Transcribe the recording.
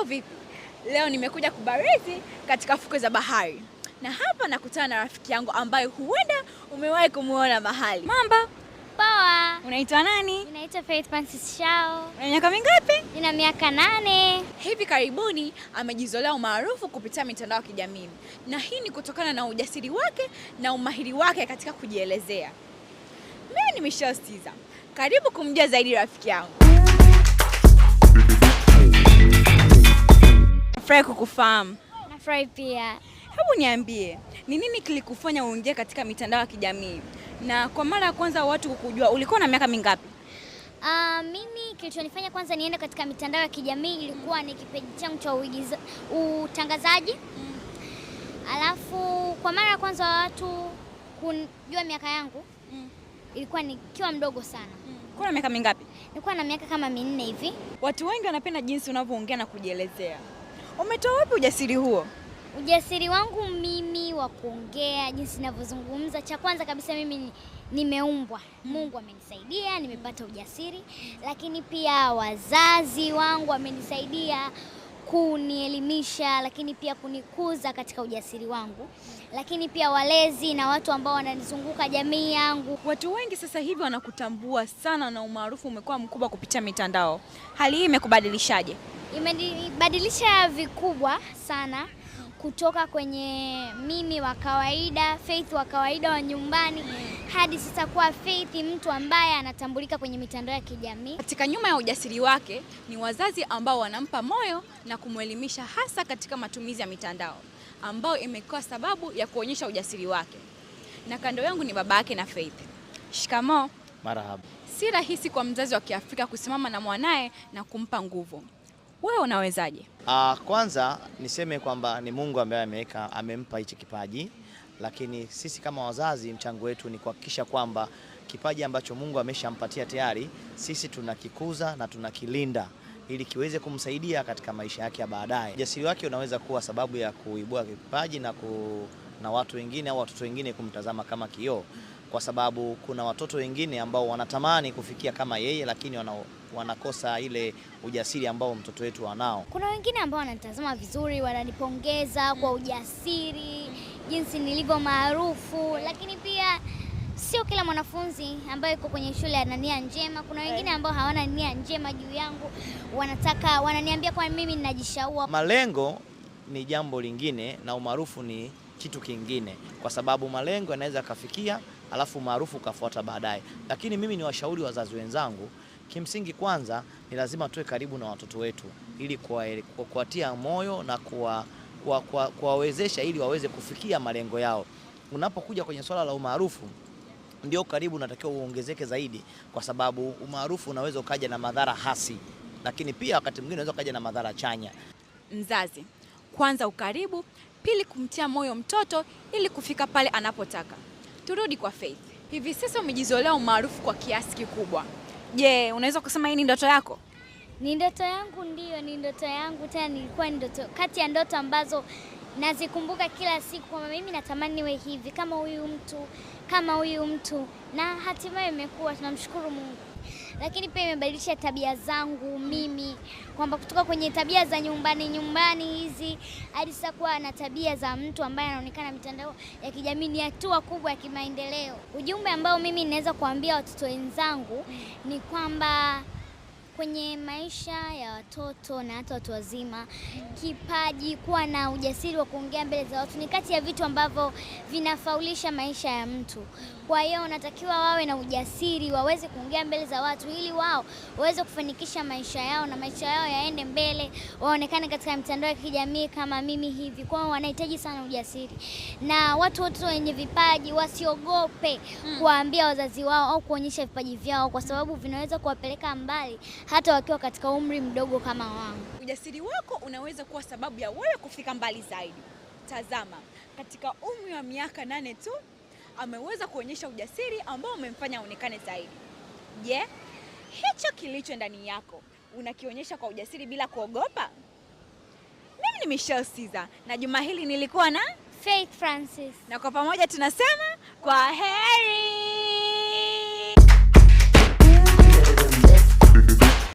Mambo oh, vipi? Leo nimekuja kubarizi katika fukwe za bahari, na hapa nakutana na rafiki yangu ambaye huenda umewahi kumuona mahali. Mambo poa. Unaitwa nani? Ninaitwa Faith Francis Shao. Una miaka mingapi? Nina miaka nane. Hivi karibuni amejizolea umaarufu kupitia mitandao ya kijamii, na hii ni kutokana na ujasiri wake na umahiri wake katika kujielezea. Mimi ni Michelle karibu kumjua zaidi rafiki yangu. Nafurahi kukufahamu. Nafurahi pia. Hebu niambie, ni nini kilikufanya uingie katika mitandao ya kijamii na kwa mara ya kwanza watu kukujua ulikuwa na miaka mingapi? Uh, mimi kilichonifanya kwanza niende katika mitandao ya kijamii ilikuwa ni kipeji changu cha utangazaji mm. Alafu kwa mara ya kwanza watu kujua miaka yangu mm. ilikuwa nikiwa mdogo sana mm. kuna miaka mingapi? Nilikuwa na miaka kama minne hivi. Watu wengi wanapenda jinsi unavyoongea na kujielezea. Umetoa wapi ujasiri huo? Ujasiri wangu mimi wa kuongea, jinsi ninavyozungumza. Cha kwanza kabisa mimi nimeumbwa, Mungu amenisaidia, nimepata ujasiri, lakini pia wazazi wangu wamenisaidia kunielimisha, lakini pia kunikuza katika ujasiri wangu, lakini pia walezi na watu ambao wananizunguka jamii yangu. Watu wengi sasa hivi wanakutambua sana na umaarufu umekuwa mkubwa kupitia mitandao. Hali hii imekubadilishaje? Imenibadilisha vikubwa sana kutoka kwenye mimi wa kawaida, Faith wa kawaida wa nyumbani hadi sasa kuwa Faith mtu ambaye anatambulika kwenye mitandao ya kijamii. Katika nyuma ya ujasiri wake ni wazazi ambao wanampa moyo na kumwelimisha hasa katika matumizi ya mitandao ambayo imekuwa sababu ya kuonyesha ujasiri wake. Na kando yangu ni baba yake na Faith. Shikamoo. Marahaba. Si rahisi kwa mzazi wa Kiafrika kusimama na mwanaye na kumpa nguvu wewe unawezaje? Uh, kwanza niseme kwamba ni Mungu ambaye ameweka amempa hichi kipaji, lakini sisi kama wazazi mchango wetu ni kuhakikisha kwamba kipaji ambacho Mungu ameshampatia tayari sisi tunakikuza na tunakilinda ili kiweze kumsaidia katika maisha yake ya baadaye. Ujasiri wake unaweza kuwa sababu ya kuibua kipaji na, ku, na watu wengine au watoto wengine kumtazama kama kioo kwa sababu kuna watoto wengine ambao wanatamani kufikia kama yeye, lakini wana, wanakosa ile ujasiri ambao mtoto wetu anao. Kuna wengine ambao wanatazama vizuri, wananipongeza kwa ujasiri, jinsi nilivyo maarufu, lakini pia sio kila mwanafunzi ambaye yuko kwenye shule ana nia njema. Kuna wengine ambao hawana nia njema juu yangu, wanataka wananiambia kwa mimi ninajishaua. Malengo ni jambo lingine na umaarufu ni kitu kingine, kwa sababu malengo yanaweza akafikia alafu umaarufu ukafuata baadaye. Lakini mimi ni washauri wazazi wenzangu, kimsingi kwanza ni lazima tuwe karibu na watoto wetu ili kuwatia moyo na kuwawezesha ili waweze kufikia malengo yao. Unapokuja kwenye swala la umaarufu ndio karibu unatakiwa uongezeke zaidi, kwa sababu umaarufu unaweza ukaja na madhara hasi, lakini pia wakati mwingine unaweza ukaja na madhara chanya. Mzazi kwanza, ukaribu; pili, kumtia moyo mtoto ili kufika pale anapotaka. Turudi kwa Faith. Hivi sasa umejizolea umaarufu kwa kiasi kikubwa. Je, unaweza kusema hii ni ndoto yako? Ni ndoto yangu, ndiyo, ni ndoto yangu, tena nilikuwa ni ndoto kati ya ndoto ambazo nazikumbuka kila siku, kwamba mimi natamani niwe hivi kama huyu mtu, kama huyu mtu, na hatimaye imekuwa. Tunamshukuru Mungu, lakini pia imebadilisha tabia zangu mimi kwamba kutoka kwenye tabia za nyumbani nyumbani hizi hadi sasa kuwa na tabia za mtu ambaye anaonekana mitandao ya kijamii ni hatua kubwa ya kimaendeleo. Ujumbe ambao mimi ninaweza kuambia watoto wenzangu ni kwamba kwenye maisha ya watoto na hata watu wazima, kipaji, kuwa na ujasiri wa kuongea mbele za watu ni kati ya vitu ambavyo vinafaulisha maisha ya mtu. Kwa hiyo wanatakiwa wawe na ujasiri, waweze kuongea mbele za watu, ili wao waweze kufanikisha maisha yao na maisha yao yaende mbele, waonekane katika mitandao ya kijamii kama mimi hivi. Kwa hiyo wanahitaji sana ujasiri, na watu wote wenye vipaji wasiogope hmm, kuwaambia wazazi wao au kuonyesha vipaji vyao, kwa sababu vinaweza kuwapeleka mbali hata wakiwa katika umri mdogo kama wangu. Ujasiri wako unaweza kuwa sababu ya wewe kufika mbali zaidi. Tazama, katika umri wa miaka nane tu ameweza kuonyesha ujasiri ambao umemfanya aonekane zaidi. Je, yeah, hicho kilicho ndani yako unakionyesha kwa ujasiri bila kuogopa? Mimi ni Michelle Caesar na juma hili nilikuwa na Faith Francis na kwa pamoja tunasema kwa heri.